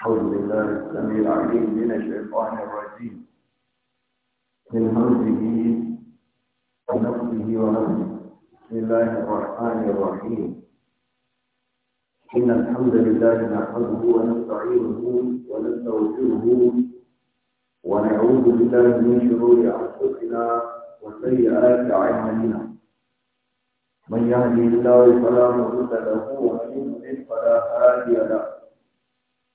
أعوذ بالله السميع العليم من الشيطان الرجيم من همزه ونفسه ونفسه بسم الله الرحمن الرحيم إن الحمد لله نحمده ونستعينه ونستغفره ونعوذ بالله من شرور أنفسنا وسيئات أعمالنا من يهدي الله فلا مضل له ومن يضلل فلا هادي له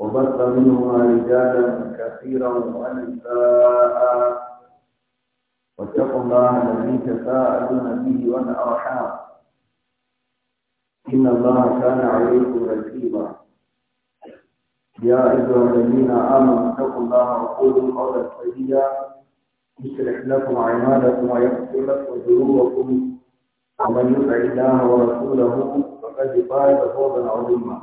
وبث منهما رجالا كثيرا ونساء واتقوا الله الذي تساءلون به والارحام ان الله كان عليكم رقيبا يا ايها الذين امنوا اتقوا الله وقولوا قولا سديدا يصلح لكم اعمالكم ويغفر لكم ذنوبكم ومن يطع الله ورسوله فقد فاز فوزا عظيما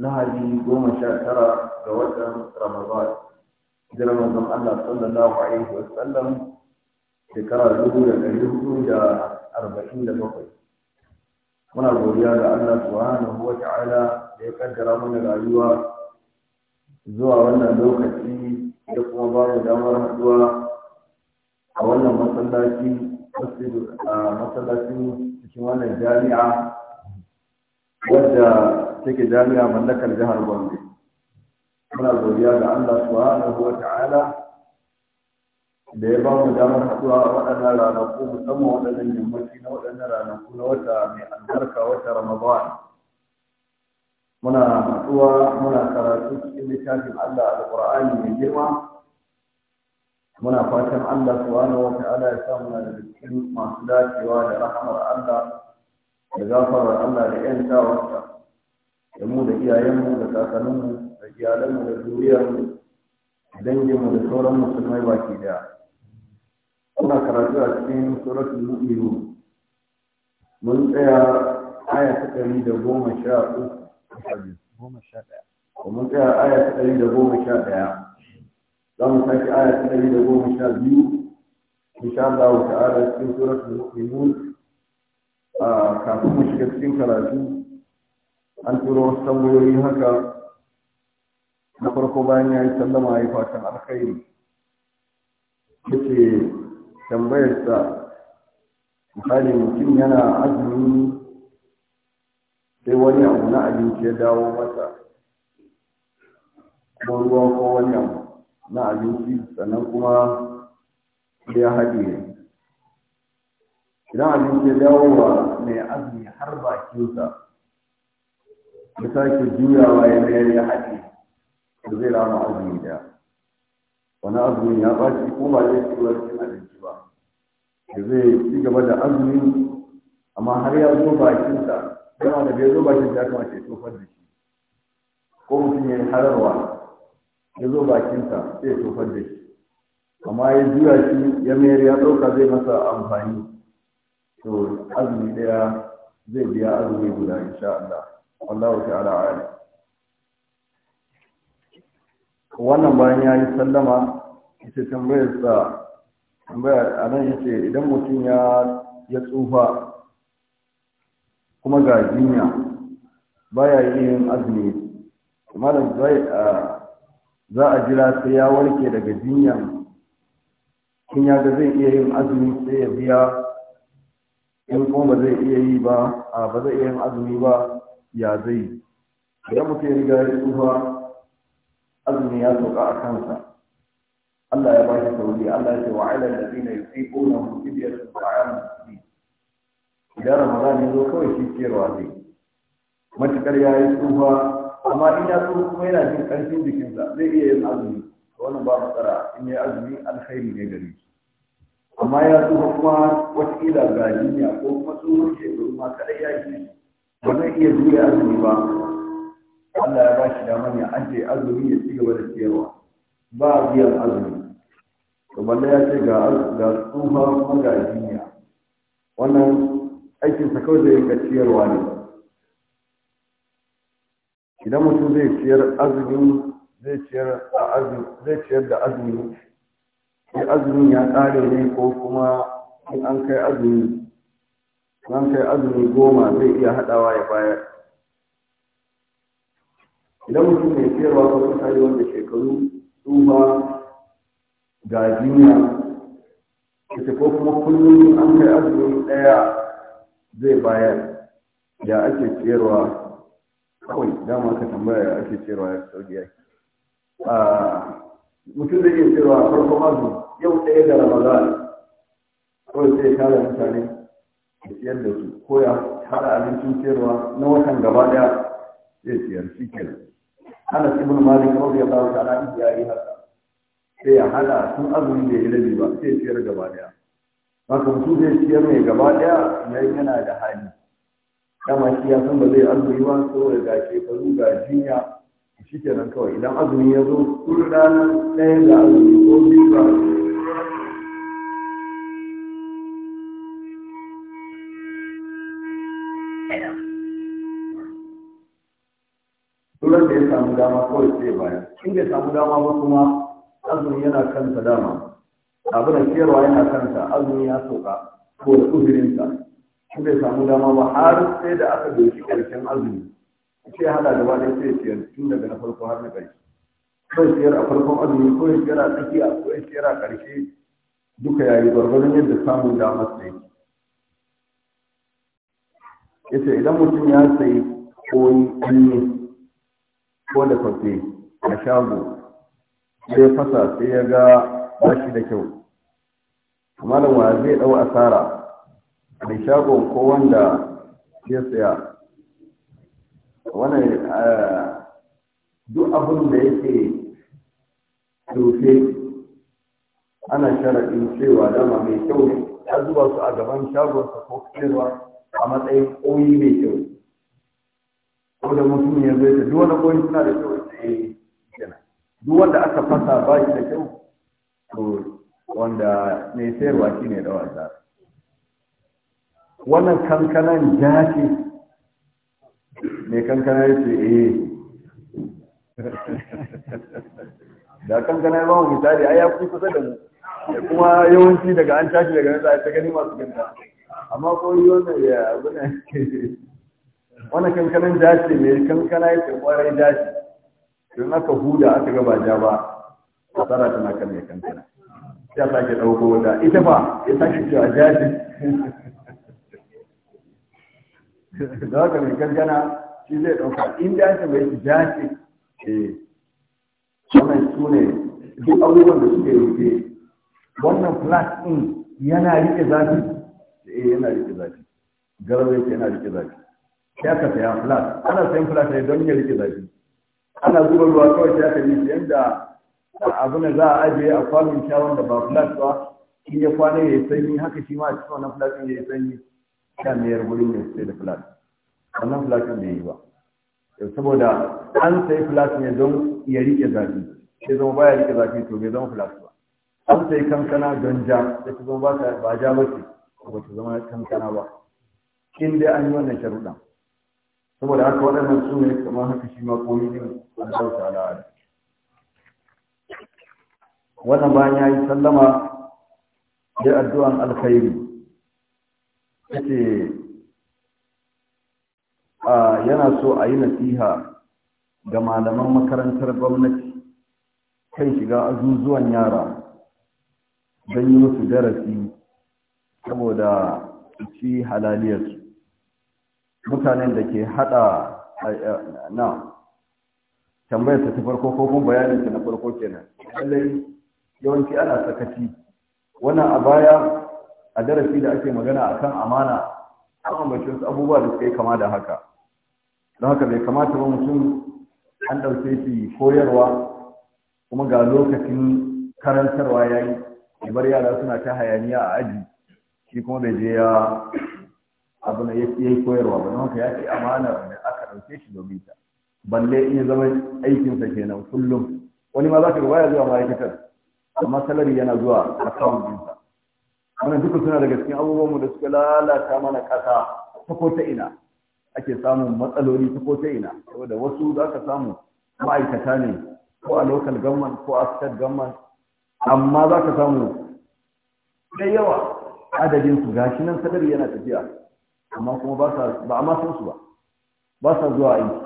nahari goma sha tara ga watan ramadan hijirar manzon Allah sallallahu alaihi wa sallam shekara dubu da ɗari hudu da arba'in da bakwai muna godiya ga Allah subhanahu wa ta'ala da ya kaddara mana rayuwa zuwa wannan lokaci da kuma ba mu damar haɗuwa a wannan masallaci masallacin cikin wannan jami'a wadda take jami'a mallakar jihar Gombe muna godiya ga Allah subhanahu wa ta'ala da ya ba mu damar haɗuwa a waɗannan ranaku musamman waɗannan yammaci na waɗannan ranaku na wata mai albarka wata Ramadan muna haɗuwa muna karatu cikin littafin Allah alƙur'ani mai girma muna fatan Allah subhanahu wa ta'ala ya sa muna da cikin masu dacewa da rahamar Allah da gafarar Allah da 'yan tawarsa da mu da iyayenmu da kakanninmu da iyalanmu da zuriyarmu da danginmu da sauran musulmai baki daya muna karatu a cikin suratul mu'minun mun tsaya aya ta ɗari da goma sha uku goma sha mun tsaya aya ta ɗari da goma sha ɗaya za mu sake aya ta ɗari da goma sha biyu insha Allah ta'ala cikin suratul a kafin mu shiga cikin karatu an turo wasu tambayoyi haka na farko bayan ya yi sallama ya yi fatan alkhairi yake tambayarsa misali mutum yana azumi sai wani abu na abinci ya dawo masa kuma ruwa ko wani abu na abinci sannan kuma ya haɗe idan abinci ya dawo wa mai azumi har bakinsa ya sake juyawa ya mayar ya haɗe da zai rama azumi ɗaya wani azumin ya ɓaci ko ba zai ci wa cin abinci ba da zai ci gaba da azumi amma har ya zo bakinsa yana da bai zo bakinsa ya kamata ya tofar da shi ko mutum ya yi hararwa ya zo bakinsa sai ya tofar da shi amma ya juya shi ya mayar ya ɗauka zai masa amfani to azumi ɗaya zai biya azumi guda insha Allah wa ta'ala wannan bayan ya yi sallama ita tambayar sa tambaya a nan yace idan mutum ya tsufa kuma ga jinya baya yin azumi malam zai za a jira sai ya warke daga jinya kin ya ga zai iya yin azumi sai ya biya in kuma ba zai iya yi ba ba zai iya yin azumi ba ya zai idan mutum ya riga ya tsufa azumi ya sauka a kansa Allah ya bashi sauri Allah ya ce wa ala alladhina yuqiquna hum fidyatun ta'am miskin idan ramadan ya zo kawai shi ciyarwa zai matukar ya yi tsufa amma in ya tsufa kuma yana jin ƙarfin jikinsa zai iya yin azumi wannan ba matsala in yi azumi alkhairi ne gare shi amma ya tsufa kuma wata ila gajiya ko kuma ke shekaru ma kadai ya yi ba zai iya juya azumi ba Allah ya ba shi ne ya ajiye azumi ya ci gaba da siyarwa ba biyan azumi to balle ya ce ga ga tsufa kuma ga jinya wannan aikin sa kawai zai ga ciyarwa ne idan mutum zai ciyar azumi zai ciyar da azumi sai azumin ya ƙare ne ko kuma in an kai azumi ran kai azumi goma zai iya haɗawa ya bayar idan mutum mai sayarwa ko mutane wanda shekaru tsufa ga jinya kace ko kuma kullum an kai azumi ɗaya zai bayar ya ake sayarwa kawai dama ka tambaya ya ake sayarwa ya sauki ya mutum zai iya sayarwa farko azumi yau ɗaya da ramadan kawai sai tara mutane da siyar da su koya ya haɗa abincin siyarwa na watan gaba daya zai siyar shi kenan Anas ibn Malik radiyallahu ta'ala ya yi haka sai ya hada sun azumin da ya rabi ba sai siyar gaba daya haka mutum zai siyar mai gaba daya yayin yana da hali dama shi ya san ba zai azumi ba saboda ga shekaru ga jinya shi nan kawai idan azumi ya zo kullum ranar ɗaya da azumi ko biyu ba duran da ya samu dama kawai sai baya in bai samu dama ba kuma azumi yana kansa dama abin da ciyarwa yana kansa azumi ya sauka ko da uzurinsa in bai samu dama ba har sai da aka doki karshen azumi sai hada gaba ɗaya sai ciyar tun daga na farko har na ƙarshe ko ya a farkon azumi ko ya siyar a tsakiya ko ya siyar a ƙarshe duka yayi gwargwadon yadda samun damar sai yace idan mutum ya sayi koyi ɗanye ko da kwafe a shago sai fasa sai ya ga bashi da kyau malam wa zai dau asara mai shago ko wanda ya saya wannan eh, duk abin da yake rufe ana sharaɗin cewa dama mai kyau ne ya zuba su a gaban shagonsa ko kaiwa a matsayin koyi mai kyau ko da mutum ya zai ta duwana ko koyi suna da kyau sai eh, yi duk duwanda aka fasa ba shi da kyau to wanda mai sayarwa shi ne da wasa wannan kankanan ja ce mai kankana ya ce eh da kankana ya bawa misali ai ya fi kusa da mu kuma yawanci daga an tashi daga nan za a ta gani masu ganta amma ko yi wannan ya abu ne wani kankanin dace mai kankana ya ce kwarai dace don aka huda aka gaba ja ba a asara tana kan mai kankana ya sake ɗauko wata ita fa ya sake cewa jaji da haka mai kankana shi zai ɗauka in dace mai jaji ke eh, wannan su ne duk abubuwan da suke rufe wannan flash ɗin yana rike zafi eh yana rike zafi garba yake yana rike zafi ya aka saya flat ana sayan flat ne don ya rike zafi ana zuba ruwa kawai sai aka yi yanda abin za a ajiye a kwanon kyawun da ba flat ba in ya kwana ya yi sanyi haka shi ma a cikin wannan flat ya yi sanyi ya mayar gurin ya sai da flat wannan flat da yi ba saboda an sai flat ne don ya rike zafi sai zama baya rike zafi to bai zama flat ba an sai kankana don ja da ta zama ba ja ba ce ba ta zama kankana ba in dai an yi wannan sharuɗan saboda haka waɗannan su ne kamar haka shi ma komi din Allah ta'ala wannan bayan ya yi sallama da addu'an alkhairi Ya a yana so a yi nasiha ga malaman makarantar gwamnati kan shiga azuzuwan yara don yi musu darasi saboda su ci halaliyarsu mutanen da ke hada na tambayar ta farko ko kuma bayanin ta na farko kenan lallai yawanci ana sakaci wannan a baya a darasi da ake magana a kan amana an ambaci wasu abubuwa da suka yi kama da haka don haka bai kamata ba mutum an ɗauke shi koyarwa kuma ga lokacin karantarwa ya yi bar yara suna ta hayaniya a aji shi kuma bai je ya abu na yi koyarwa ba don haka ya ce amana da aka ɗauke shi domin ta balle in ya zama aikinsa kenan kullum wani ma za ka baya zuwa ma'aikatar amma salari yana zuwa akawun ɗinsa Wani duka suna daga cikin abubuwanmu da suka lalata mana ƙasa ta ko ta ina ake samun matsaloli ta ko ta ina saboda wasu za ka samu ma'aikata ne ko a local government ko a state government amma za ka samu da yawa adadin su gashi nan salari yana tafiya amma kuma ba sa ba amma su ba ba sa zuwa aiki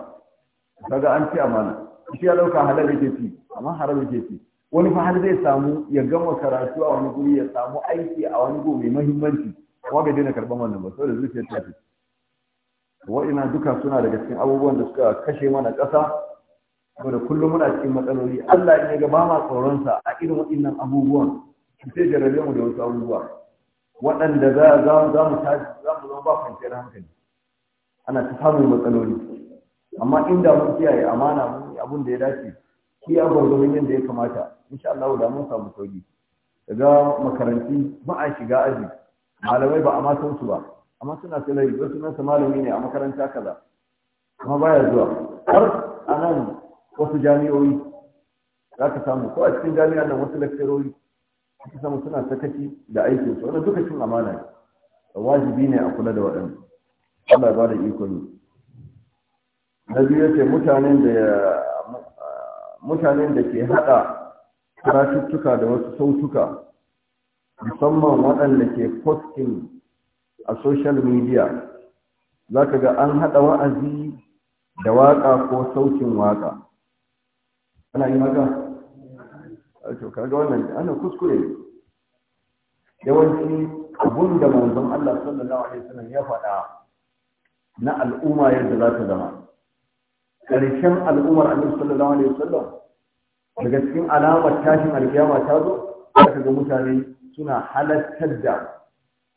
daga an ce amana shi ya dauka halal yake ci amma haram yake ci wani fa har zai samu ya gama karatu a wani guri ya samu aiki a wani guri mai muhimmanci kuma bai daina karban wannan ba saboda zuciya ta ce wa'ina duka suna daga cikin abubuwan da suka kashe mana ƙasa saboda kullum muna cikin matsaloli Allah ya ga ba ma tsoronsa a irin waɗannan abubuwan sai jarabe mu da wasu abubuwa waɗanda za za mu tashi za mu zama ba kwanciyar hankali ana ta samun matsaloli amma inda mun kiyaye amana mun abun da ya dace shi kiya gwargwadon yadda ya kamata insha Allah da mun samu sauki daga makaranti ba a shiga aji malamai ba a ma su ba amma suna salari ba sunan nasa malami ne a makaranta kaza kuma baya zuwa har a nan wasu jami'o'i za ka samu ko a cikin jami'an nan wasu lakcerori aka samu suna sakaci da aikin su wannan duka cin amana ne wajibi ne a kula da waɗannan Allah ya bada ne na biyu yace mutanen da mutanen da ke hada karatuttuka da wasu sautuka musamman waɗanda ke posting a social media za ka ga an haɗa wa'azi da waƙa ko sautin waƙa ana yi to kaga wannan ana kuskure ne yawanci abun da manzon Allah sallallahu alaihi wasallam ya faɗa na al'umma yadda za ta zama Karshen al'ummar annabi sallallahu alaihi wasallam daga cikin alamar tashin alkiyama ta zo aka ga mutane suna halattar da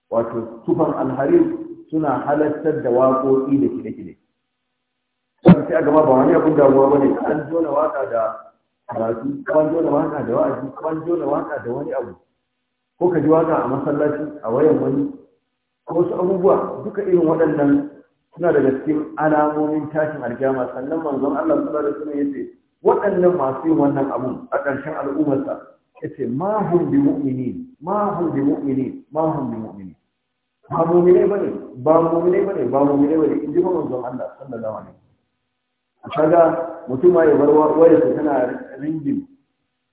wato tufan alharir suna halattar da waƙoƙi da kide-kide sai a gaba ba wani abin damuwa ba ne an jona waƙa da karatu kwanjo da waka da wa'azi kwanjo da waka da wani abu ko ka ji waka a masallaci a wayan wani ko wasu abubuwa duka irin waɗannan suna daga cikin alamomin tashin alkiyama sannan manzon Allah sallallahu alaihi wasallam yace waɗannan masu yin wannan abun a ƙarshen al'ummarsa yace ma hum bi mu'minin ma hum bi mu'minin ma hum bi mu'minin ba mu'minai bane ba mu'minai bane ba mu'minai bane in ji manzon Allah sallallahu alaihi wasallam kaga mutum ya bar wayar ta tana ringin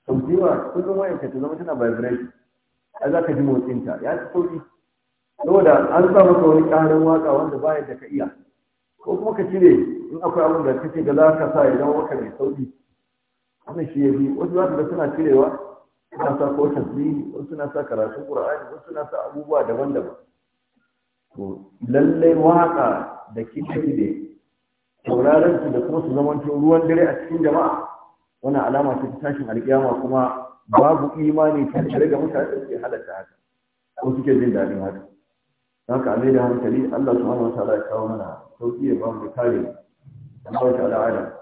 sauƙiwa kullum wayar ta zama tana vibration a za ka ji motsin ta ya ci sauƙi saboda an sa maka wani ƙarin waka wanda baya da ka iya ko kuma ka cire in akwai abin da kake da za ka sa ya zama mai sauƙi wannan shi ya fi wasu za su ga suna cirewa suna sa ko tasbihi wasu suna sa karatun qur'ani wasu suna sa abubuwa daban-daban to lallai waka da kike kiɗe tauraron su da kuma su zamanto ruwan dare a cikin jama'a wannan alama ce ta tashin alƙiyama kuma babu imani tare da mutane da suke halatta haka ko suke jin daɗin haka haka a da hankali Allah subhanahu wataala ya kawo mana sauki ya ba mu kare Allah ta'ala ala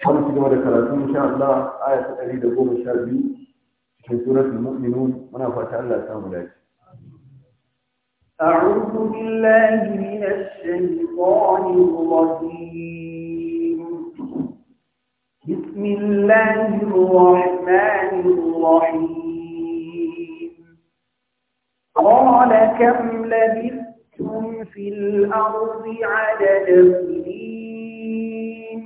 kan ci gaba da karatu insha Allah aya ta biyu. cikin suratul mu'minun muna fata Allah ya samu lafiya أعوذ بالله من الشيطان الرجيم بسم الله الرحمن الرحيم قال كم لبثتم في الأرض عدد سنين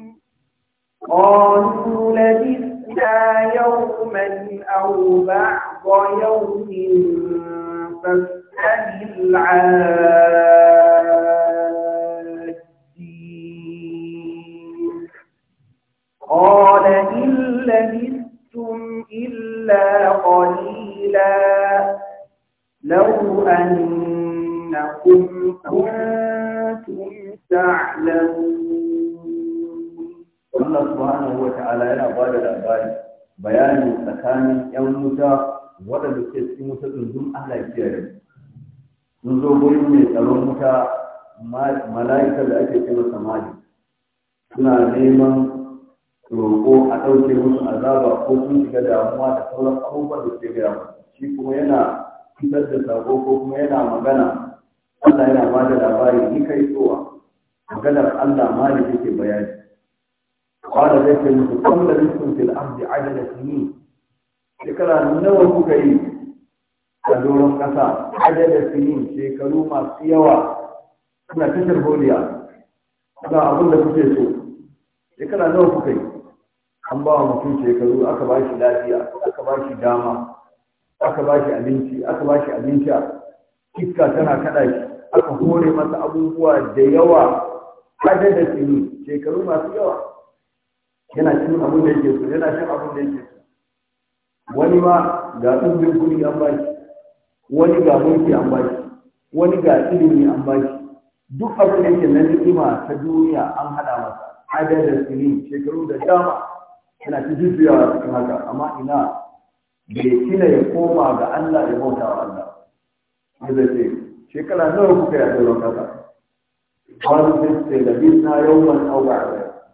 قالوا لبثنا يوما أو بعض يوم فاسأل العادين قال إن لبثتم إلا قليلا لو أنكم كنتم تعلمون الله سبحانه وتعالى أنا بعد الأباري بيان tsakanin يوم wuta waɗanda suke cikin wuta ɗin Allah sun zo guri mai tsaron wuta mala'ikar da ake kira samari suna neman roƙo a ɗauke musu azaba ko sun shiga damuwa da sauran abubuwan da suke gaya musu shi kuma yana fitar da sako ko kuma yana magana Allah yana ba da labari ni kai tsowa maganar Allah ma yake bayani zai قال fil'ar da ajiyar da su عدد shekara nawa kuka yi? a doron ƙasa da sinin shekaru masu yawa kuna cikin holiya kuna abin da kuke so shekara nawa kuka yi an ba wa mutum shekaru aka ba shi lafiya aka ba shi dama aka ba shi abinci aka ba shi abinci iska tana kaɗa shi aka hore masa abubuwa da yawa da sinin shekaru masu yawa yana cin abin da yake so yana shan abin da yake so wani ma ga ɗumbin kuri an ba shi wani ga mulki an shi wani ga ilimi an shi duk abin da yake na ni'ima ta duniya an hada masa da sirri shekaru da dama yana ta jujjuyawa cikin haka amma ina bai tina ya koma ga Allah ya bauta wa Allah ya zace shekara nawa kuka ya tsoron kasa wani sai ce da bisna yawman auka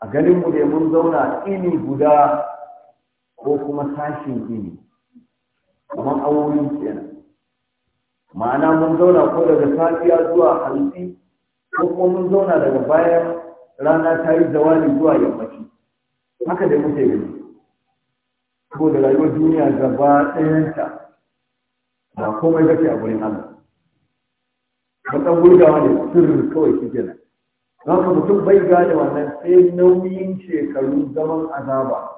a ganin mu dai mun zauna ini guda ko kuma sashin ini kamar awowi kenan ma'ana mun zauna ko daga safiya zuwa hantsi ko kuma mun zauna daga bayan rana ta yi zawali zuwa yammaci haka da muke gani da rayuwar duniya gaba ɗayanta ba komai kake a gurin Allah ba ɗan gurgawa ne sirri kawai shi kenan za ka mutum bai gane wannan sai nauyin shekaru zaman azaba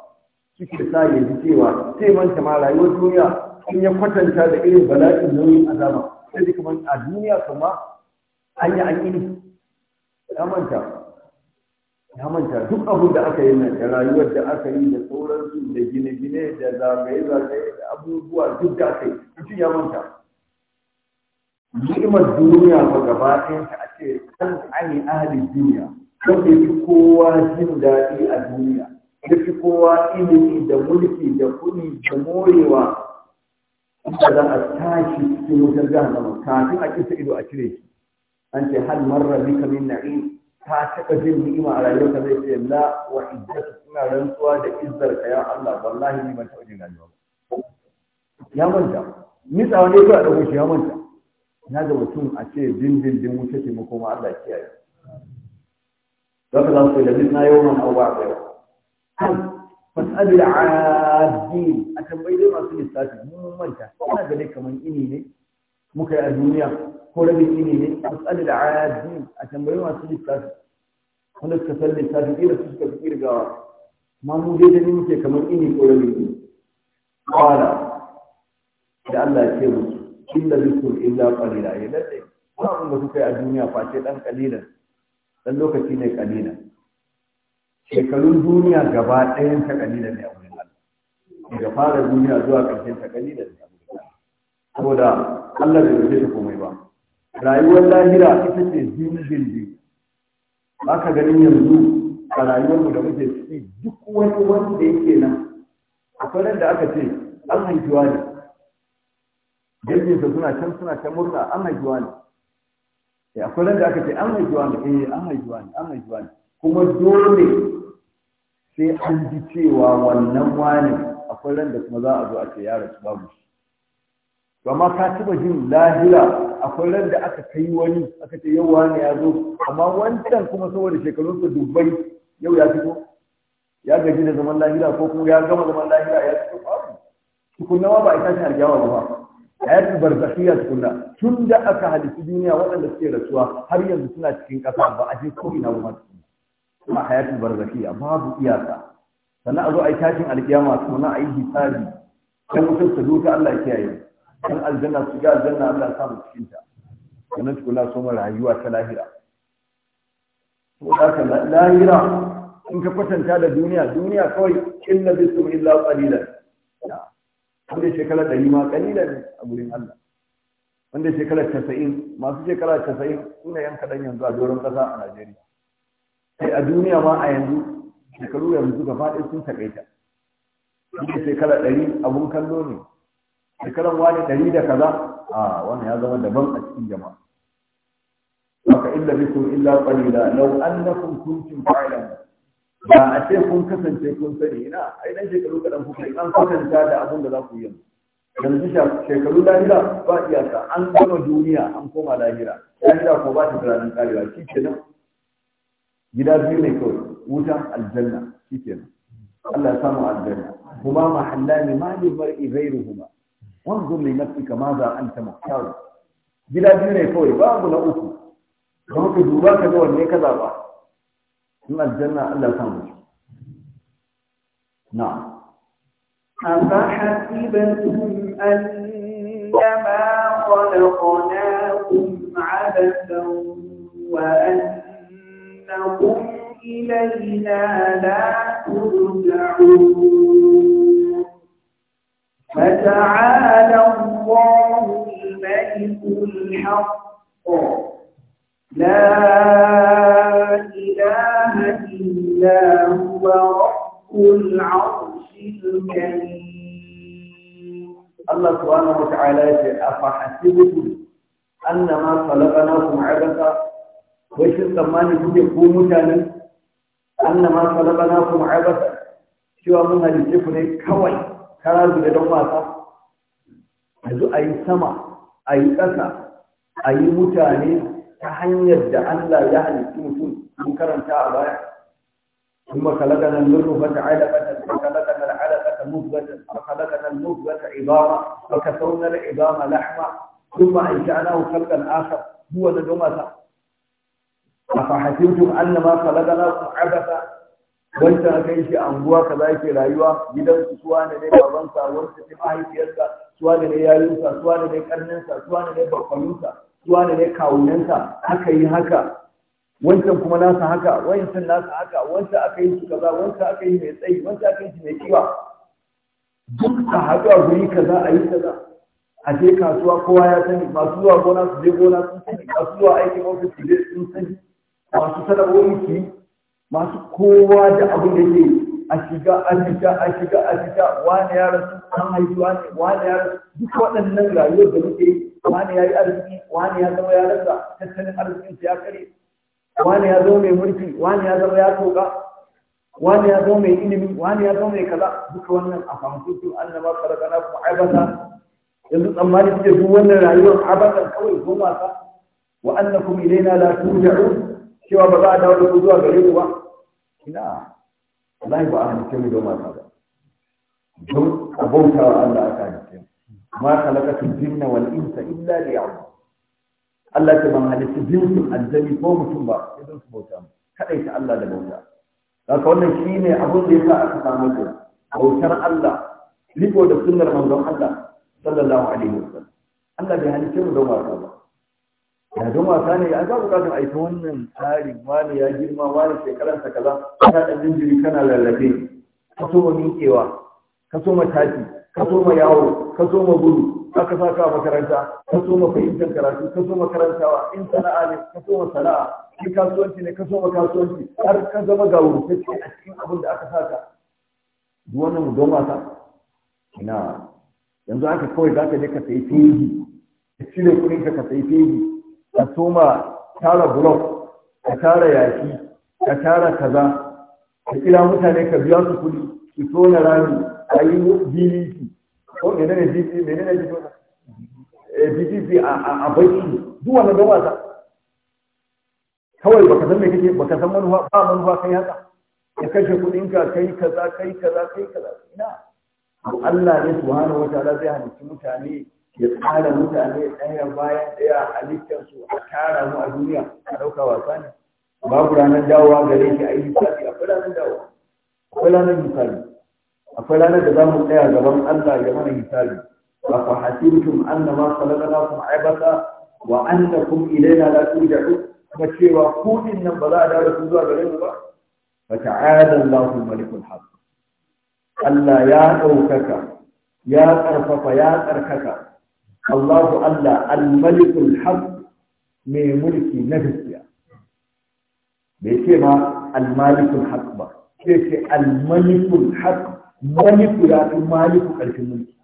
suke sa ya ji cewa sai manta ma rayuwar duniya in ya kwatanta da irin bala'in nauyin azaba sai kuma a duniya kuma an yi an ini ya manta ya manta duk abin da aka yi nan da rayuwar da aka yi da sauransu da gine-gine da zagaye-zagaye da abubuwa duk da aka yi mutum ya manta ni'imar duniya ba gaba ɗayan ta a ce kan ani ahalin duniya wanda ya fi kowa jin daɗi a duniya ya fi kowa ilimi da mulki da kuɗi da morewa inda za a tashi cikin wutar jahannama kafin a kisa ido a cire shi an ce hal marra bika kamin na'im Ta taɓa jin ni'ima a rayuwarka zai ce la wa izzatu ina rantsuwa da izzar ka ya Allah wallahi ni ban taɓa jin rayuwa ya manta ni ne wani a ɗauko shi ya manta na ga mutum a ce dindindin wuce ce ma Allah kiyaye za ka za su yi da na yau na awa a yau fasalil adin a tambayi masu lissafi mun manta ina ga dai kamar ini ne muka yi a duniya ko rabin ini ne fasalil adin a tambayi masu lissafi wanda suka san lissafi kira su suka fi kirgawa ma mu dai da muke kaman ini ko rabin ini qala da Allah ya ce musu illa bikum illa qalila ya lalle ba mun da kuka yi a duniya face dan kalilan dan lokaci ne kalilan shekarun duniya gaba ɗayan ta kalilan ne a wurin Allah daga fara duniya zuwa ƙarshen ta kalilan ne a wurin Allah saboda Allah bai rubuce ta komai ba rayuwar lahira ita ce dindin din ba ka ganin yanzu a mu da muke ciki duk wani wanda yake nan akwai nan da aka ce an haifiwa ne danginsa suna can suna can murna an haifiwa ne eh, akwai nan da aka ce an haifiwa ne eh an haifiwa ne an haifiwa ne kuma dole sai an ji cewa wannan wani akwai ran da kuma za a zo a ce ya su babu shi to amma ka taba jin lahira akwai ran da aka kai wani aka ce yau wani ya zo amma wancan kuma saboda shekarunsa dubbai yau ya fito ya gaji da zaman lahira ko kuma ya gama zaman lahira ya fito babu tukunna ma ba a tashi harjawa ba ayat barzakhiyya tukunna tun da aka halittu duniya waɗanda suke rasuwa har yanzu suna cikin ƙasa ba a je ko ina ba kuma hayatul barzakhiya babu iyaka sannan a zo a yi tashin alkiyama sannan a yi hisabi kan wutar ta zo ta Allah ya kiyaye kan aljanna su ga aljanna Allah ya sa mu cikin ta sannan tukuna so mu rayuwa ta lahira to da ka lahira in ka kwatanta da duniya duniya kawai illa bisu illa qalilan wanda shekara ɗari ma ƙalilan a gurin Allah wanda shekara casa'in masu shekara casa'in suna yan kaɗan yanzu a doron ƙasa a Najeriya sai a duniya ma a yanzu shekaru yanzu gaba ɗaya sun takaita duk shekara ɗari abun kallo ne shekaran wani ɗari da kaza a wannan ya zama daban a cikin jama'a Maka illa bisu illa qalila law annakum kuntum ta'lamun ba a ce kun kasance kun sani ina ai dan shekaru kadan kuka yi an kwatanta da abin da za ku yi yanzu shekaru lahira ba iyaka an gama duniya an koma lahira lahira ko ba ta tunanin karewa shi kenan gida biyu ne kawai wuta aljanna shikenan Allah ya samu aljanna kuma mahallani ma lil mar'i ghayruhuma wanzur li nafsika madha anta muhtar gida biyu ne kawai babu na uku kuma ka duba ka ga wanne ka zaba in aljanna Allah ya samu na'am أفحسبتم أنما خلقناكم عبثا وأن إنكم إلينا لا ترجعون فتعالى الله الملك الحق لا إله إلا هو رب العرش الكريم الله سبحانه وتعالى يقول أفحسبكم أنما خلقناكم عبثا wai sun tsammani ko mutanen Allah ma salaba na kuma aibata cewa mun halice ku ne kawai kara da don wasa a zo a yi sama a yi ƙasa a yi mutane ta hanyar da Allah ya halitta mutum mun karanta a baya ثم خلقنا المرغة علقة فخلقنا العلقة مضغة فخلقنا المضغة عظاما فكسونا العظام لحما ثم أنشأناه خلقا آخر هو ندمته أفحسبتم أنما خلقناكم عبثا wancan kai shi anguwa kaza yake rayuwa gidan su suwa ne ne babansa wancan ne mahaifiyarsa suwa ne ne yayinsa suwa ne ne karninsa suwa ne ne bakwalinsa suwa ne ne kawunansa haka yi haka wancan kuma nasa haka wancan nasa haka wancan aka yi su kaza wancan aka yi mai tsayi wancan aka yi shi mai kiwa duk a haɗu a guri kaza a yi kaza a je kasuwa kowa ya sani masu zuwa gona su je gona sun sani masu zuwa aikin ofis su je sun sani masu sanarwoyi masu kowa da abin da ke a shiga a shiga a shiga a shiga wani ya rasu an haifi wani wani ya rasu duk waɗannan rayuwar da muke wani ya yi arziki wani ya zama ya rasa tattalin arzikin ya kare wani ya zama mai mulki wani ya zama ya toka wani ya zama mai ilimi wani ya zama mai kaza duka wannan a fahimtu annaba karakana kuma aibata yanzu tsammani suke duk wannan rayuwar abadan kawai ko wasa wa annakum ilaina la turja'un cewa ba za a dawo da ku zuwa gare ku ba ina wallahi ba a halice mu don wasa ba don a bauta wa Allah aka halice mu ma khalaqatul jinna wal insa illa liya'budun Allah ta ban halitta jinsin aljani ko mutum ba idan don su bauta mu kadai ta Allah da bauta ka wannan shine abin da yasa aka samu da bautar Allah riko da sunnar manzon Allah sallallahu alaihi wasallam Allah bai halice mu don wasa ba da don wasa ne an za bukatar a ita wannan tsarin wani ya girma wani shekaransa kaza kana ɗan jinjiri kana lallabe ka so ma miƙewa ka so ma tafi ka so ma yawo ka so ma gudu aka sa ka a makaranta ka so ma fahimtar karatu ka so karantawa in sana'a ne ka so ma sana'a in kasuwanci ne ka so ma kasuwanci har ka zama ga wurtacce a cikin abin da aka sa ka duk wannan mu don wasa ina yanzu haka kawai za ka je ka sayi fegi ka cire kuɗin ka ka sayi fiye ka soma tara blok ka tara yaki ka tara kaza ka kira mutane ka biya su su so na rami a yi dvc ko ne ne dvc ne ne dvc a baiki duk wannan don wasa kawai baka san me kake baka san manufa ba manufa kai haka ya kashe kuɗinka kai kaza kai kaza kai kaza ina Allah ne subhanahu ta'ala zai halicci mutane ya tsara mutane ɗaya bayan ɗaya halittarsu a tara mu a duniya a ɗauka wasa ne babu ranar dawowa gare shi a yi misali a ranar dawowa akwai ranar misali akwai ranar da za mu tsaya gaban Allah ya mana misali ba ku hasibtum annama khalaqnakum aibata wa annakum ilaina la turja'un kuma cewa ku din nan ba za a dawo zuwa gare mu ba fa ta'ala Allahu malikul haqq Allah ya ɗaukaka ya ƙarfafa ya ƙarkaka. Allahu Allah al-malikul haq mai mulki na gaskiya bai ce ma al-malikul ba sai ce al-malikul haq maliku ya fi ƙarfin mulki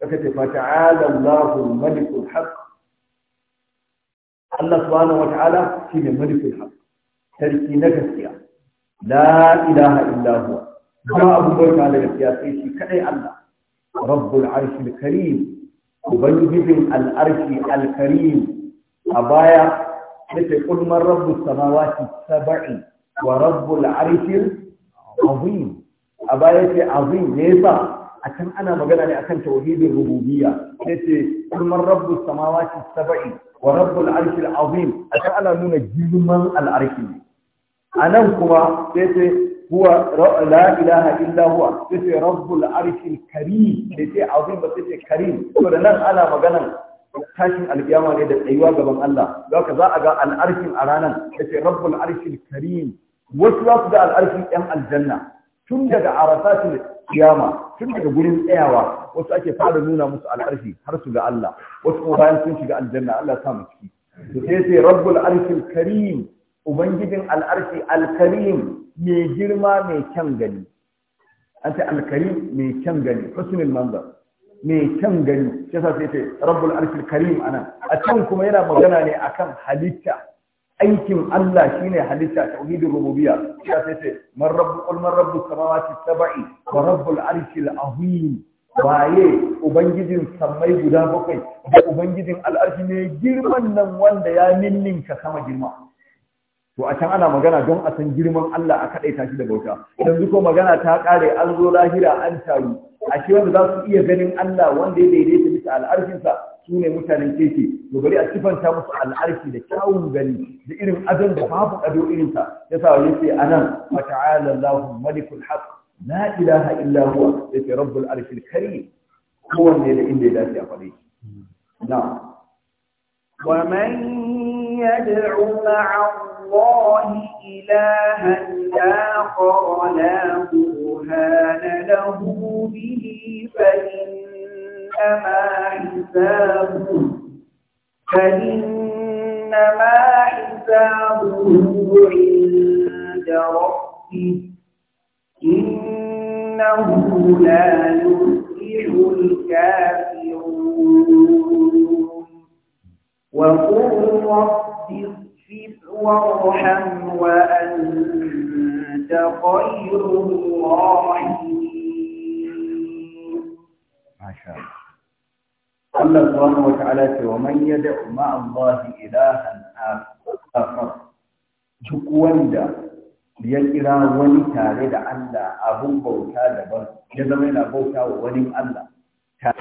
kaka ce fata'ala Allahu al-malikul haq Allah subhanahu wa ta'ala shine malikul haq sarki na gaskiya la ilaha abu bauta da gaskiya sai kadai Allah karim ubangijin al'arki alkarim a baya yake kulman rabbus samawati saba'i, wa rabbul arshil azim a baya ce azim ne yasa a can ana magana ne akan tauhidin rububiyya yace kulman rabbus samawati saba'i, wa rabbul arshil azim a can ana nuna girman a nan kuma ce. huwa la ilaha illa huwa sai ce rabbul arshil karim da ce azim ba sai ce karim to da nan ana maganan tashin alkiyama ne da tsayuwa gaban Allah za ka za a ga al'arshin a ranan, da ce rabbul arshil karim wasu za su ga al'arshin yan aljanna tun daga arasatul kiyama tun daga gurin tsayawa wasu ake fara nuna musu al'arshi har su ga Allah wasu kuma bayan sun shiga aljanna Allah sa mu ciki to sai sai rabbul arshil karim ubangijin al'arshi al-karim mai girma mai kyan gani an ta alkarim mai kyan gani husnul manzar mai kyan gani shi yasa sai ce rabbul arshil karim anan a can kuma yana magana ne akan halitta aikin Allah shine halitta tauhidin rububiyya shi yasa sai ce man rabbu qul man rabbus samawati sab'i wa rabbul arshil azim waye ubangijin sammai guda bakwai da ubangijin al'arshi ne girman nan wanda ya ninninka sama girma to a can ana magana don a san girman Allah a kaɗaita shi da bauta yanzu ko magana ta ƙare an zo lahira an taru a shi wanda za su iya ganin Allah wanda ya daidaita bisa al'arshinsa su ne mutanen keke to bari a sifanta musu al'arshi da kyawun gani da irin adon da babu ado irinsa ya sa ya anan fa ta'ala Allahu malikul haqq la ilaha illa huwa yace rabbul arshil karim kowanne da inda ya dace a faɗi na'am ومن يدعو مع الله إلها آخر لا برهان له به فإنما حسابه فإنما حسابه عند ربه إنه لا يفلح الكافرون وقل رب اغفر وارحم وأنت خير الراحمين ما شاء الله Allah subhanahu ce wa man yad'u ma'a Allah duk wanda ya kira wani tare da Allah abun bauta daban ya zama yana bauta wa wani Allah ta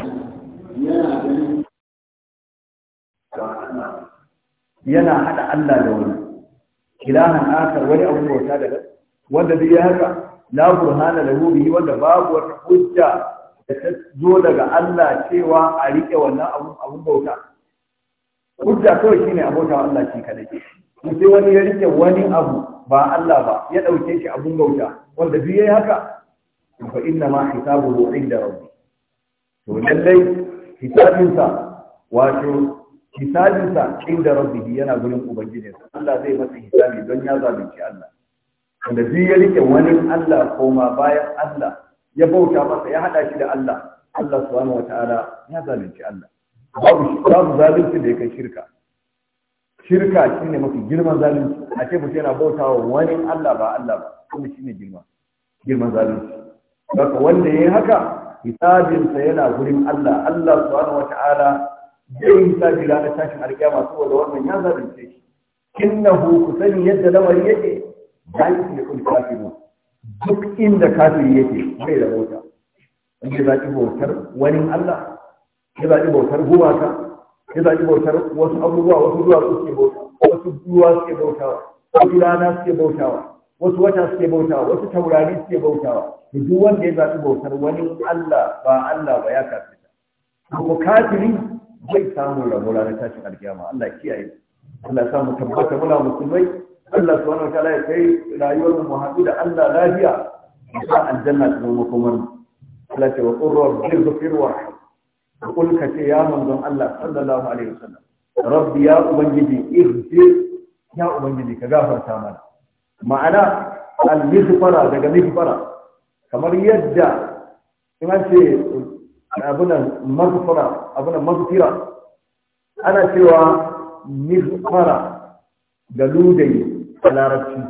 yana ganin yana hada Allah da wani ilahan akar wani abu bauta da wanda duk ya haka la burhana lahu bihi wanda babu wata hujja da ta zo daga Allah cewa a rike wannan abu abu bauta hujja kawai shine abota Allah shi kadai sai wani ya rike wani abu ba Allah ba ya dauke shi abun bauta wanda duk yayi haka fa inna ma hisabuhu inda rabbi to lallai hisabinsa wato hisabinsa inda rabbihi yana gurin ubangijinsa Allah zai masa hisabi don ya zalunci Allah wanda duk ya rike wani Allah koma bayan Allah ya bauta masa ya hada shi da Allah Allah subhanahu wataala ya zalunci Allah babu babu zalunci da yake shirka shirka shine mafi girman zalunci a ce mutum yana bautawa wani Allah ba Allah ba kuma shine girma girman zalunci haka wanda ya yi haka hisabinsa yana gurin Allah Allah subhanahu wataala zai yi hisabi ranar tashin alƙiyama saboda wannan ya zalunce shi hu ku sani yadda lamari yake zalika ya kulli kafiru duk inda kafiri yake mai da bauta wanda ya zaɓi bautar wani Allah ya zaɓi bautar gumaka ya zaɓi bautar wasu abubuwa wasu zuwa suke bauta wasu ruwa suke bautawa wasu rana suke bautawa wasu wata suke bautawa wasu taurari suke bautawa da duk wanda ya zaɓi bautar wani Allah ba Allah ba ya kafirta ko kafiri bai samun rabo ranar tashin alkiyama Allah kiyaye Allah samu tabbata muna musulmai Allah subhanahu wataala ya kai rayuwar mu haɗu da Allah lafiya sa aljanna ta zama kuma Allah ce wa qur rabbi ighfir wa qul ka ce ya manzon Allah sallallahu alaihi wasallam rabbi ya ubangiji ighfir ya ubangiji ka gafarta mana ma'ana al-mizfara daga mizfara kamar yadda kuma ce abunan mazfara abunan ana cewa nigfara da ludai a larabci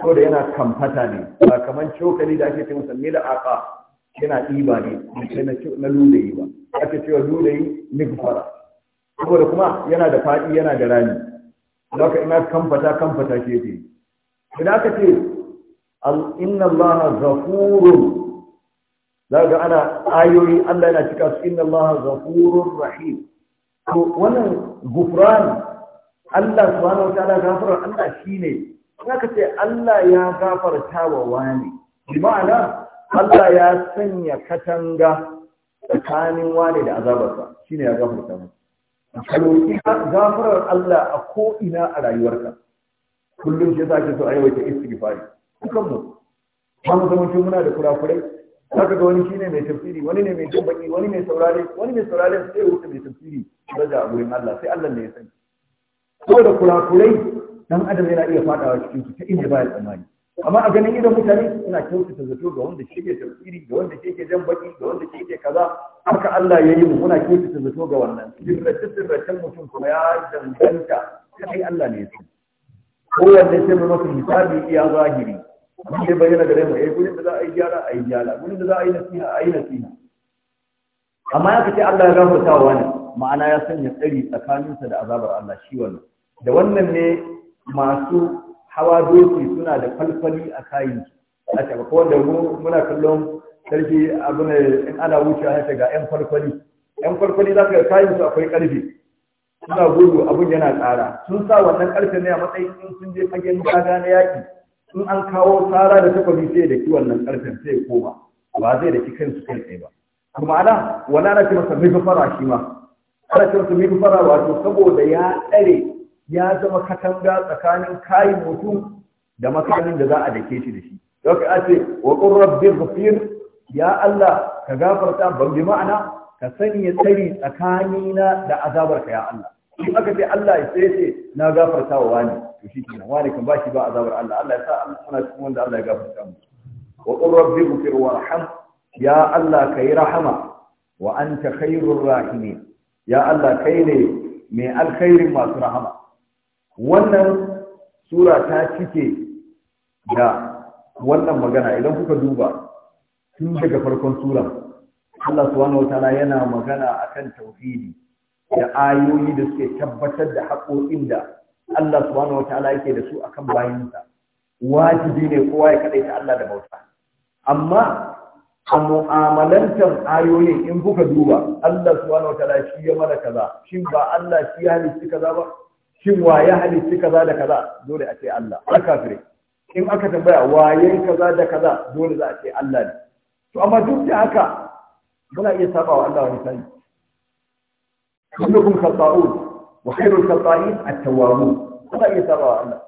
ko da yana kamfata ne ba kamar cokali da ake ce masa mila aka yana ɗiba ne na ludayi ba ake cewa ludayi mizfara saboda kuma yana da faɗi yana da rami da aka ina kamfata kamfata ke ce idan aka ce inna allaha zafurun za ga ana ayoyi Allah yana cika su inna Allah ghafurur rahim to wannan gufran Allah subhanahu wa ta'ala gafarar Allah shine ka ce Allah ya gafarta wa wani bi ma'ana Allah ya sanya katanga tsakanin wani da azabarsa shine ya gafarta mu kaloki gafarar Allah a ko ina a rayuwarka kullum shi yasa so a yawaita istighfari dukan mu ba mu muna da kurakurai haka ga wani shine mai tafsiri wani ne mai jin wani mai saurare wani mai saurare sai wuce mai tafsiri daraja a gurin Allah sai Allah ne ya sani kula kurakurai dan adam yana iya fadawa cikin su ta inda baya tsammani amma a ganin idan mutane suna kyautata zato ga wanda shi ke tafsiri ga wanda shi ke jan baki ga wanda shi ke kaza haka Allah ya yi mu muna kyautata zato ga wannan sirrace-sirracen mutum kuma ya danganta sai Allah ne ya sani wanda sai mu masa hisabi iya zahiri abin da bayyana gare mu eh gurin da za a yi gyara a yi gyara gurin da za a yi nasiha a yi nasiha amma ya kace Allah ya gafarta wa wani ma'ana ya sanya tsari tsakaninsa da azabar Allah shi wannan da wannan ne masu hawa doki suna da falfali a kayan su a taɓa wanda muna kallon sarki abu ne in ana wucewa ya ga yan falfali yan falfali za ka ga kayan su akwai ƙarfe suna gudu abun yana ƙara, sun sa wannan ƙarfe ne a matsayin sun je fagen daga na yaƙi in an kawo tsara da takwabi sai da kiwon nan karfin sai koma ba zai da ki kansu kai tsaye ba to ma'ana wala na masa mai fara shi ma ana ce masa mai fara wato saboda ya tsare ya zama katanga tsakanin kayan mutum da makamin da za a dake shi da shi don ka ce wa qur rabbi ya Allah ka gafarta ban bi ma'ana ka sanya tsari tsakanina da azabarka ya Allah shi aka ce Allah ya sai ce na gafarta wa wani to shi kenan wani kan bashi ba azabar Allah Allah ya sa suna cikin wanda Allah ya gafarta mu wa qur rabbi ighfir warham ya Allah kai rahama wa anta khairur rahimin ya Allah kai ne mai alkhairin masu rahama wannan sura ta cike da wannan magana idan kuka duba tun daga farkon sura Allah subhanahu wataala yana magana akan tauhidi da ayoyi da suke tabbatar da haƙoƙin da Allah subhanahu ta'ala yake da su akan bayinsa wajibi ne kowa ya ta Allah da bauta amma a mu'amalantar ayoyin in kuka duba Allah subhanahu ta'ala shi ya mana kaza shin ba Allah shi ya halicci kaza ba shin wa ya halicci kaza da kaza dole a ce Allah har kafire in aka tambaya waye kaza da kaza dole za a ce Allah ne to amma duk da haka muna iya saba wa Allah wani sani kullukum khata'un wa khairul khata'in at-tawwabun kuma iya saba Allah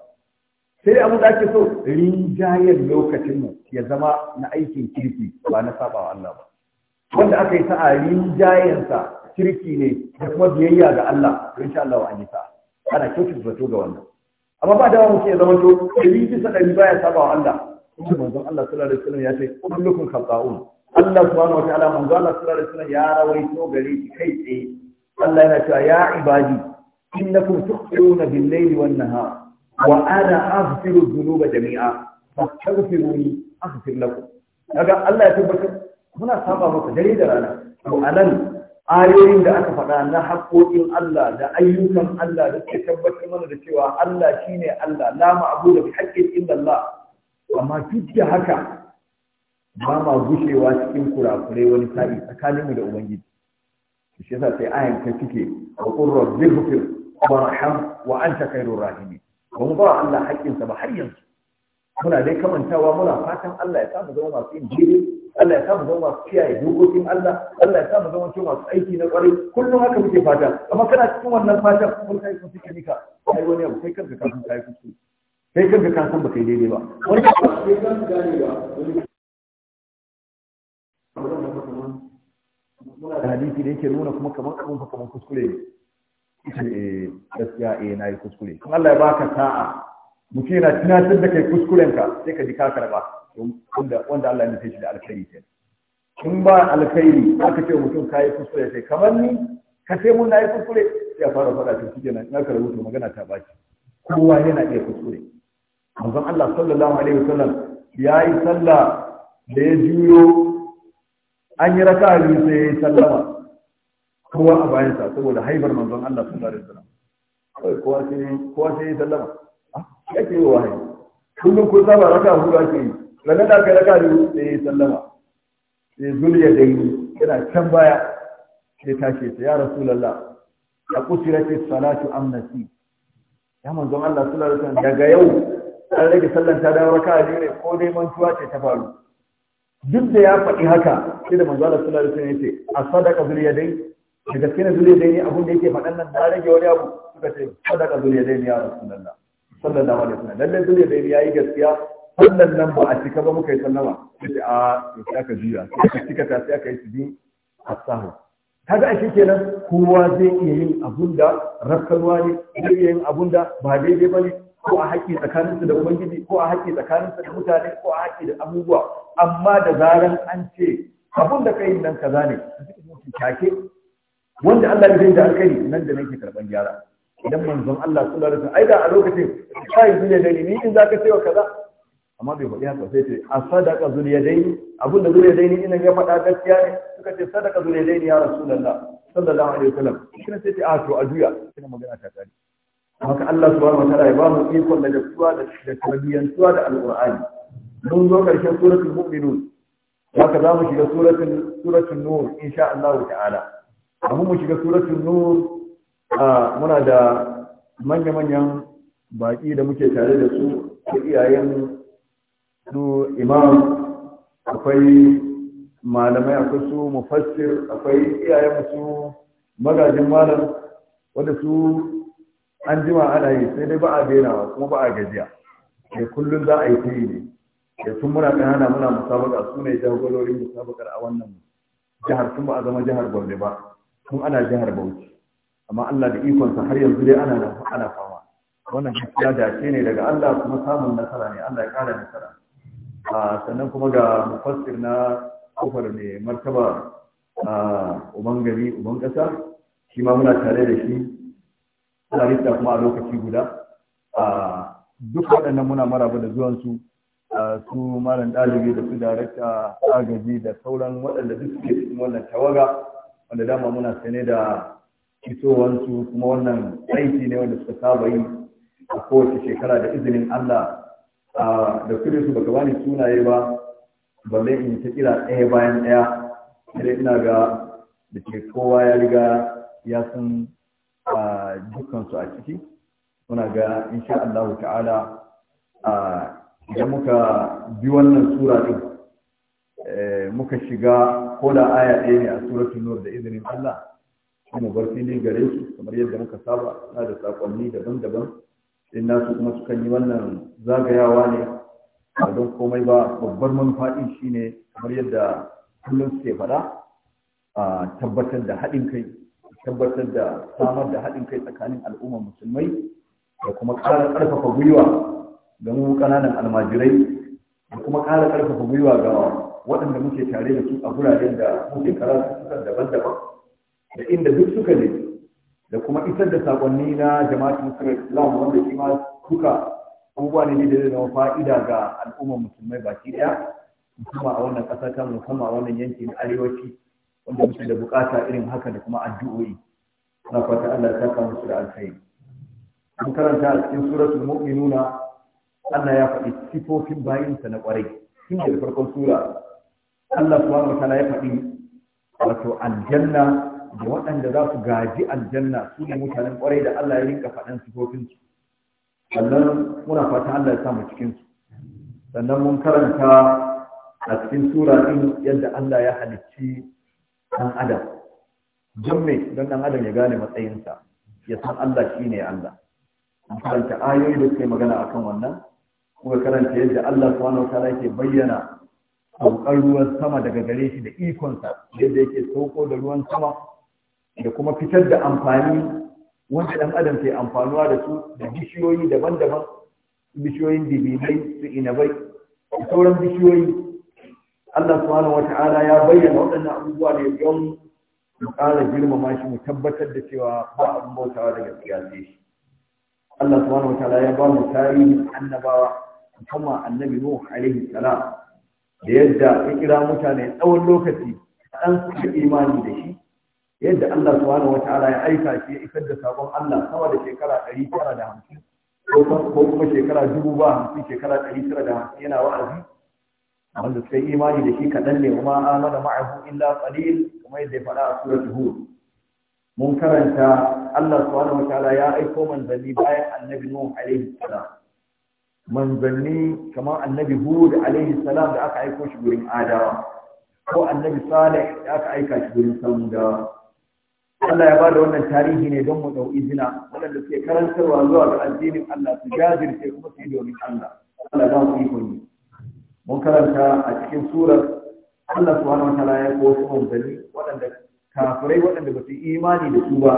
sai abin da ake so rinjayar lokacin mu ya zama na aikin kirki ba na saba wa Allah ba wanda aka yi sa'a sa kirki ne da kuma biyayya ga Allah to insha Allah wa an sa'a ana kyautata zato ga wannan amma ba dawa mutum ya zama to ɗari bisa ɗari baya saba wa Allah Kuma manzon Allah sallallahu alaihi wasallam ya ce kullukum khata'un Allah subhanahu wataala manzon Allah sallallahu alaihi wasallam ya rawaito gare shi kai tsaye Allah yana cewa ya ibadi innakum tuqiruna bil layli wan nahar wa ana aghfiru dhunuba jami'a fastaghfiruni aghfir lakum kaga Allah ya tabbatar muna saba maka dare da rana to anan ayoyin da aka faɗa na haƙoƙin Allah da ayyukan Allah da suke tabbatar mana da cewa Allah shine Allah la ma'budu bi haqqin illa Allah amma duk da haka ba ma gushewa cikin kurakurai wani sa'i tsakaninmu da ubangiji shi yasa sai ayan ta cike wa qur rabbi warham wa anta khairur rahimin ba mu ba Allah haƙƙin sa ba har yanzu muna dai kamantawa muna fatan Allah ya samu zama masu yin jiri Allah ya samu zama masu kiyaye dokokin Allah Allah ya samu zama cewa masu aiki na kwarai kullum haka muke fata amma kana cikin wannan fata kun kai kun cike nika kai wani abu kai kanka kafin kai kuskure kai kanka ka san baka yi daidai ba wani kai kanka gane ba muna da hadisi da yake nuna kuma kamar abun fa kamar kuskure ne eh gaskiya eh na yi kuskure Allah ya baka sa'a mutum yana tunatar da kai kuskuren ka sai ka ji ka karba wanda Allah ya nufe shi da alkhairi ke in ba alkhairi aka ce mutum yi kuskure sai kamar ni ka ce mun na yi kuskure sai a fara faɗa to shikenan na ka rubuta magana ta baki kowa yana iya kuskure manzon Allah sallallahu alaihi wasallam ya yi sallah da ya juyo an yi raka'a biyu sai ya yi sallama kowa a bayansa saboda haifar manzon Allah sun alaihi wasallam kowa sai kowa sai sallama yake ah, yi wahayi kullum ko saba raka hudu ake yi Lalle da kai raka biyu sai ya sallama sai zuliya da yi yana can baya sai tashi sai ya rasulullah a kusirati salatu amnati ya manzon Allah sallallahu da wasallam daga yau Sai rage sallan ta dawo raka biyu ne ko dai mantuwa ce ta faru duk da ya faɗi haka sai da manzo Allah sallallahu alaihi wasallam ya ce a sadaka bil dai. da gaske ne zule dai ne abin da yake faɗan nan na rage wani abu suka ce sadaka zule dai ne ya rasulullah sallallahu alaihi wasallam lalle zule dai ya yayi gaskiya sallan nan ba a cika ba muka yi sallama sai a sai aka juya sai cika ta sai aka yi sujud asahu kaga a kenan kowa zai iya yin abun da rakkalwa ne zai iya yin abun da ba daidai ba ne ko a haƙƙi tsakaninsu da ubangiji ko a haƙƙi tsakaninsu da mutane ko a haƙƙi da abubuwa amma da zaran an ce abun da kai nan kaza ne take wanda Allah ya bin da alkhairi nan da nake karban gyara idan manzon Allah sallallahu alaihi wasallam ai da a lokacin sai zuriya dai ni in zaka cewa kaza amma bai faɗi haka sai ce a sadaka zuriya dai abinda zuriya dai ni ina ya faɗa gaskiya ne suka ce sadaka zuriya dai ya rasulullah sallallahu alaihi wasallam kina sai ce a to a juya kina magana ta kare haka Allah subhanahu wataala ya ba mu ikon da dafuwa da da tarbiyantuwa da alqur'ani mun zo karshen suratul mu'minun haka za mu shiga suratul suratul nur insha Allah ta'ala abu mu shiga suratun nur muna da manya-manyan baƙi da muke tare da su ko iyayen su imam akwai malamai akwai su mufassir akwai iyayen su magajin malam wanda su an jima ana yi sai dai ba a denawa kuma ba a gajiya da kullum za a yi tayi ne da sun muna ƙanana muna musabaka su ne jagororin musabakar a wannan jihar tun ba a zama jihar gombe ba tun ana jihar Bauchi amma Allah da ikonsa har yanzu dai ana nan ana fama wannan gaskiya dace ne daga Allah kuma samun nasara ne Allah ya kara nasara a sannan kuma ga mufassir na kofar ne martaba a uban gari uban kasa shi ma muna tare da shi rita kuma a lokaci guda a duk waɗannan muna maraba da zuwansu, su su malam ɗalibi da su darakta agaji da sauran waɗanda duk suke cikin wannan tawaga wanda dama muna sane da fitowansu kuma wannan aiki ne wanda suka saba yi a kowace shekara da izinin Allah da kudin su baka bani sunaye ba balle in ta kira ɗaya bayan ɗaya sai ina ga da ke kowa ya riga ya san dukkansu a ciki muna ga insha Allah ta'ala idan muka bi wannan sura ɗin, eh, muka shiga ko da aya ɗaya ne a suratul nur da izinin Allah kuma bar fili gare su kamar yadda muka saba na da sakonni daban-daban in nasu kuma sukan yi wannan zagayawa ne ba don komai ba babbar shi shine kamar yadda kullum suke faɗa a tabbatar da haɗin kai tabbatar da samar da haɗin kai tsakanin al'ummar musulmai da kuma ƙara ƙarfafa gwiwa ga mu ƙananan almajirai da kuma ƙara ƙarfafa gwiwa ga waɗanda muke tare da su a guraren da muke karatu sukan daban-daban da inda duk suka ne da kuma isar da sakonni na jama'atul islam wanda shi ma suka abubuwa ne da zai zama fa'ida ga al'ummar musulmai baki ɗaya musamman a wannan ƙasa ta musamman a wannan yankin arewaci wanda muke da buƙata irin haka da kuma addu'o'i na fata Allah ta kawo musu da alkhairi an karanta a cikin suratul mu'minuna Allah ya faɗi sifofin bayinsa na ƙwarai tun da farkon sura Allah subhanahu wataala ya faɗi wato aljanna da waɗanda za su gaji aljanna su ne mutanen ƙwarai da Allah ya rinka faɗan sifofin su sannan muna fatan Allah ya sa mu cikin su sannan mun karanta a cikin sura din yadda Allah ya halicci ɗan adam don me don ɗan adam ya gane matsayinsa ya san Allah shine Allah mun karanta ayoyi da suke magana akan wannan kuma karanta yadda Allah subhanahu wataala yake bayyana saukar ruwan sama daga gare shi da ikonsa yadda yake sauko da ruwan sama da kuma fitar da amfani wanda ɗan adam ke amfanuwa da su da bishiyoyi daban-daban bishiyoyin dibilai su inabai da sauran bishiyoyi Allah subhanahu wata'ala ya bayyana waɗannan abubuwa ne don mu ƙara girmama shi mu tabbatar da cewa ba abin bautawa daga siyasa shi Allah subhanahu wata'ala ya ba mu tarihin annabawa musamman annabi Nuh alaihi salam da yadda ya kira mutane tsawon lokaci dan suka imani da shi yadda Allah subhanahu wataala ya aika shi ya isar da sabon Allah sama da shekara ɗari tara da 950 ko kuma shekara 1050 shekara ɗari tara da 950 yana wa'azi wanda suka yi imani da shi kaɗan ne kuma amana ma'ahu illa qalil kuma yadda ya faɗa a suratul hud mun karanta Allah subhanahu wataala ya aiko manzanni bayan annabi Nuh alaihi salam manzanni kamar annabi hud alaihi salam da aka aiko shi gurin adawa ko annabi salih da aka aika shi gurin samudawa Allah ya bada wannan tarihi ne don mu dau izina waɗanda suke karantarwa zuwa ga addinin Allah su jajirce kuma su yi domin Allah Allah za mu iko ne mun karanta a cikin surar Allah subhanahu wa ya ko su manzanni waɗanda kafirai waɗanda ba su imani da su ba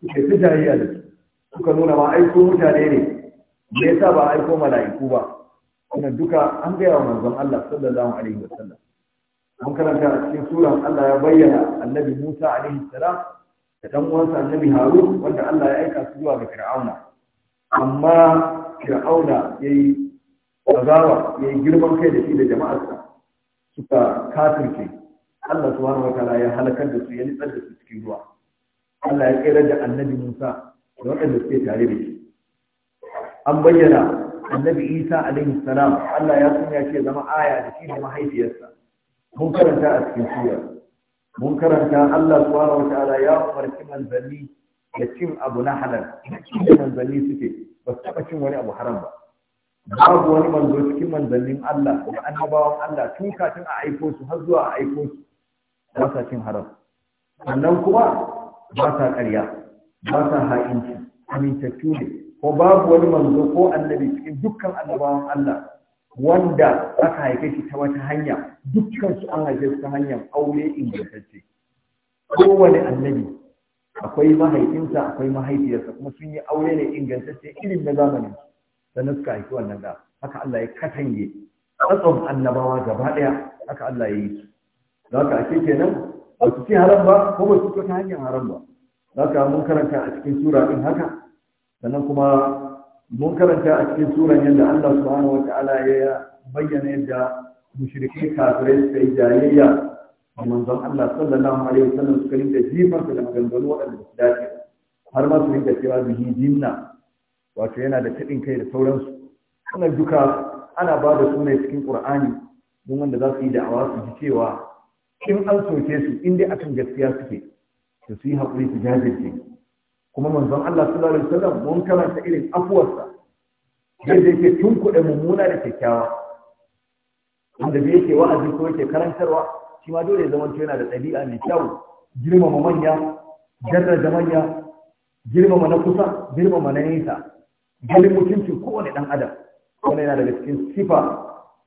suke su jayayya da suka nuna ma aiko mutane ne me yasa ba aiko mala'iku ba kuma duka an ga wa manzon Allah sallallahu alaihi wa sallam mun karanta a cikin suran Allah ya bayyana annabi Musa alaihi salam da dan uwansa annabi Harun wanda Allah ya aika su zuwa ga Fir'auna amma Fir'auna yayi azawa yayi girman kai da shi da jama'arsa suka kafirce Allah subhanahu wataala ya halakar da su ya nitsar da su cikin ruwa Allah ya tsere da annabi Musa da waɗanda suke tare da shi an bayyana annabi isa alaihi salam allah ya sanya shi zama aya da shi da mahaifiyarsa mun karanta a cikin sura mun karanta allah subhanahu wataala ya umarci manzanni da cin abu na halal da manzanni suke ba su taɓa cin wani abu haram ba babu wani manzo cikin manzannin allah da annabawan allah tun kafin a aiko su har zuwa a aiko su ba sa cin haram sannan kuma ba sa ƙarya ba sa ha'inci amintattu ne ko babu wani manzo ko annabi cikin dukkan annabawan Allah wanda aka haife shi ta wata hanya dukkan su an haife su ta hanyar aure ingantacce kowane annabi akwai mahaifinsa akwai mahaifiyarsa kuma sun yi aure ne ingantacce irin na zamanin da na suka haifi wannan da haka Allah ya katange tsatson annabawa gaba ɗaya haka Allah ya yi su za ka ake kenan ba su ci haram ba ko ba su ta hanyar haram ba za ka mun karanta a cikin sura ɗin haka sannan kuma mun karanta a cikin suran yadda Allah subhanahu wa ta'ala ya bayyana yadda mushrike kafirai suka yi jayayya a manzon Allah sallallahu alaihi wasallam suka rinka jifarsa da maganganu waɗanda su dace har ma su rinka cewa yi jinna wato yana da taɗin kai da sauransu wannan duka ana ba da sune cikin qur'ani don wanda za su yi da'awa su ji cewa in an soke su in dai akan gaskiya suke to su yi haƙuri su jajirce kuma manzon Allah sallallahu alaihi wasallam mun karanta irin afuwarsa yadda yake tunkuɗe mummuna da kyakkyawa wanda bai yake wa'azi ko yake karantarwa shi ma dole ya zama yana da ɗabi'a mai kyau girmama manya jarraja manya girmama na kusa girmama na nisa, ganin mutuncin kowane ɗan adam wani yana daga cikin sifa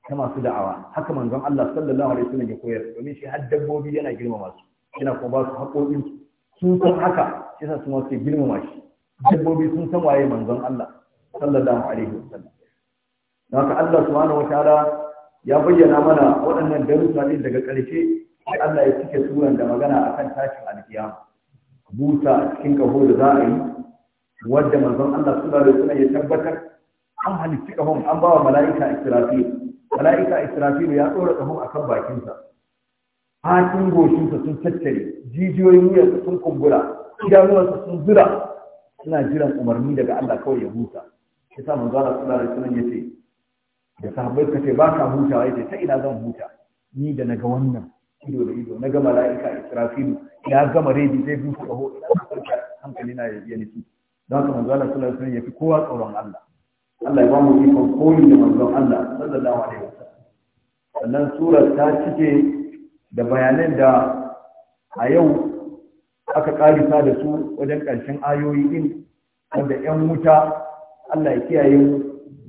ta masu da'awa haka manzon Allah sallallahu alaihi wasallam ya koyar domin shi har dabbobi yana girmama su yana kuma ba su haƙoƙin sun san haka yasa su ma girmama shi dabbobi sun san waye manzon Allah sallallahu alaihi wasallam don haka Allah subhanahu wataala ya bayyana mana waɗannan darussa daga ƙarshe sai Allah ya cike suran da magana akan tashin alkiyama buta a cikin kaho da za a yi wadda manzon Allah sallallahu alaihi wasallam ya tabbatar an halitta kahon an ba wa mala'ika israfil mala'ika israfil ya dora kahon akan bakinsa Akin goshinsa sun tattare jijiyoyin wuyarsa sun kumbura idanuwansa sun zira suna jiran umarni daga Allah kawai ya huta ya sa manzo Allah sallallahu alaihi wasallam yace da sahabbai ka ce ba ka hutawa yace ta ina zan huta ni da naga wannan ido da ido naga mala'ika Israfilu ya gama redi zai bi kaho hankali na ya nufi don haka manzo Allah sallallahu alaihi wasallam yafi kowa tsoron Allah Allah ya ba mu ikon koyi da manzon Allah sallallahu alaihi wasallam sannan surar ta cike da bayanan da a yau aka ƙarisa da su wajen ƙarshen ayoyi din wanda 'yan wuta Allah ya kiyaye mu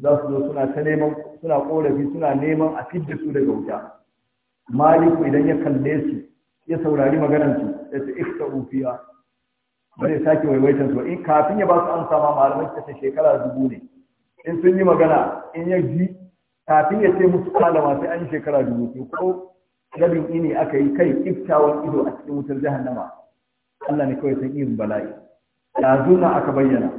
za su zo suna ta neman suna korafi suna neman a fidda su daga wuta maliku idan ya kalle su ya saurari maganar su ya ce ifta ufiya ba zai sake waiwaitan su in kafin ya ba su amsa ma malamai ta shekara dubu ne in sun yi magana in ya ji kafin ya ce musu kalama sai an yi shekara dubu ko gabin ini aka yi kai iftawan ido a cikin wutar jahannama Allah ne kawai san irin bala'i da zuna aka bayyana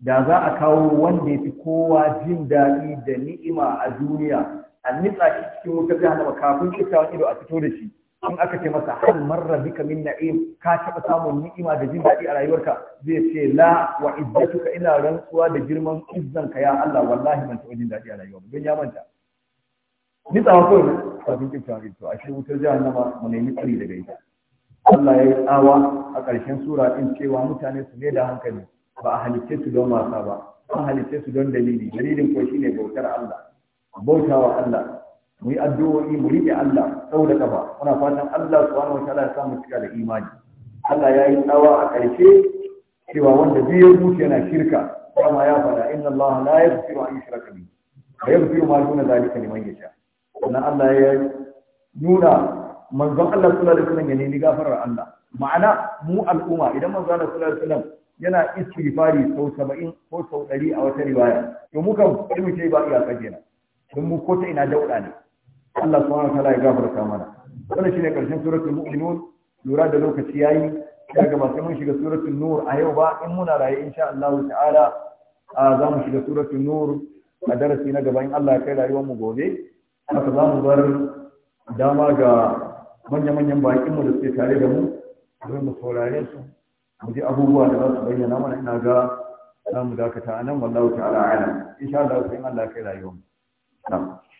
da za a kawo wanda ya fi kowa jin daɗi da ni'ima a duniya a nitsa shi cikin wutar jahannama kafin kyakkyawan ido a fito da shi in aka ce masa hal marra bika min na'im ka taɓa samun ni'ima da jin daɗi a rayuwarka zai ce la wa izzatuka ina rantsuwa da girman ka ya Allah wallahi ban taɓa jin daɗi a rayuwa don ya manta nitsawa kawai kafin kyakkyawan ido a shi wutar ma mu nemi tsari daga ita Allah ya yi tsawa a ƙarshen sura ɗin cewa mutane su ne da hankali ba a halicce su don wasa ba an halicce su don dalili dalilin ko shine bautar Allah bautawa Allah mu yi addu'o'i mu riƙe Allah sau da kafa muna fatan Allah subhanahu wataala ya sa mu cika da imani Allah ya yi tsawa a ƙarshe cewa wanda zai mutu yana shirka kama ya faɗa inna Allah la yaghfiru an yushraka bihi wa yaghfiru ma duna zalika liman yasha sannan Allah ya nuna manzon Allah sallallahu alaihi wasallam ya nemi gafarar Allah ma'ana mu al'umma idan manzon Allah sallallahu alaihi wasallam yana istighfari sau 70 ko sau 100 a wata riwaya to mu kan kai mu ce ba iya kaje na don mu ko ta ina dauda ne Allah subhanahu wa ta'ala ya gafarta mana wannan shine karshen suratul mu'minun lura da lokaci yayi ya ga sai mun shiga suratul nur a yau ba in muna raye insha Allah ta'ala za mu shiga suratul nur a darasi na gaba in Allah ya kai rayuwar mu gobe haka za mu bar dama ga manya-manyan bakinmu da suke tare da mu domin mu saurare su mu ji abubuwa da za su bayyana mana ina ga za mu dakata nan wallahu ta'ala a'lam insha Allah sai Allah kai rayuwa mu